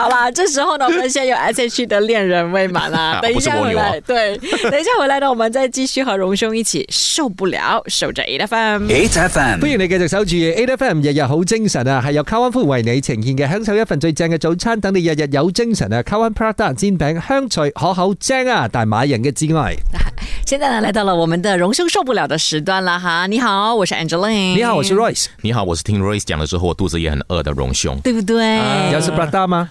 好啦，這時候呢，我們現在有 S.H.E 的戀人未滿啦。等一下回來，對，等一下回來呢，我們再繼續和榮兄一起受不了，守着 8FM。8FM 歡迎你繼續守住 8FM。M，日日好精神啊！係由 Kawan Food 為你呈現嘅，享受一份最正嘅早餐，等你日日有精神啊！Kawan Prata 煎餅，香脆可口，正啊，大馬人嘅摯愛。現在呢，來到了我們的榮兄受不了的時段了哈。你好，我是 Angeline。你好，我是 Royce。你好，我是聽 Royce 講了之後我肚子也很餓的榮兄，對不對？你要吃 Prata 嗎？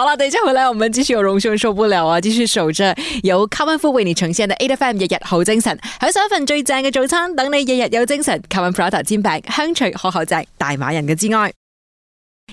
好啦，等陣回來，我們繼續有榮兄受不了啊！繼續守着由 Kevin 傅為你呈現的 8FM 日日好精神，享受一份最正的早餐，等你日日有精神。Kevin Flat 頭煎餅香脆可口正，大馬人的摯愛。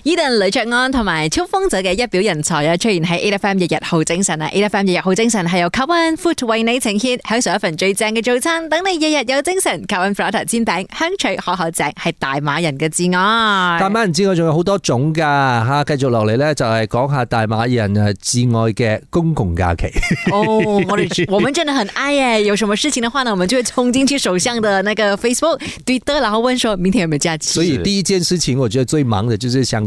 伊頓、Eden, 雷卓安同埋超瘋仔嘅一表人才啊，出現喺 A F M 日日好精神啊！A F M 日日好精神係由卡恩 foot 為你呈獻，享受一份最正嘅早餐，等你日日有精神。c v e 卡恩 flat 煎餅香脆可口正，係大馬人嘅摯愛。大馬人摯愛仲有好多種噶吓，繼、啊、續落嚟咧，就係講下大馬人誒摯愛嘅公共假期。 哦，我哋我們真的很愛耶！有什麼事情嘅話呢，我們就會衝進去首相的那個 Facebook、Twitter，然後問說明天有冇假期。所以第一件事情，我覺得最忙嘅就是想。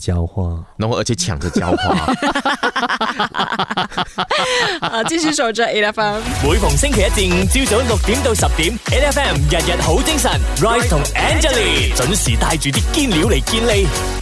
狡猾，然後教而且搶着狡猾。啊，繼續守着 A F M，每逢星期一至五朝早六點到十點 A F M，日日好精神。Rise 同 Angelina 準時帶住啲堅料嚟見你。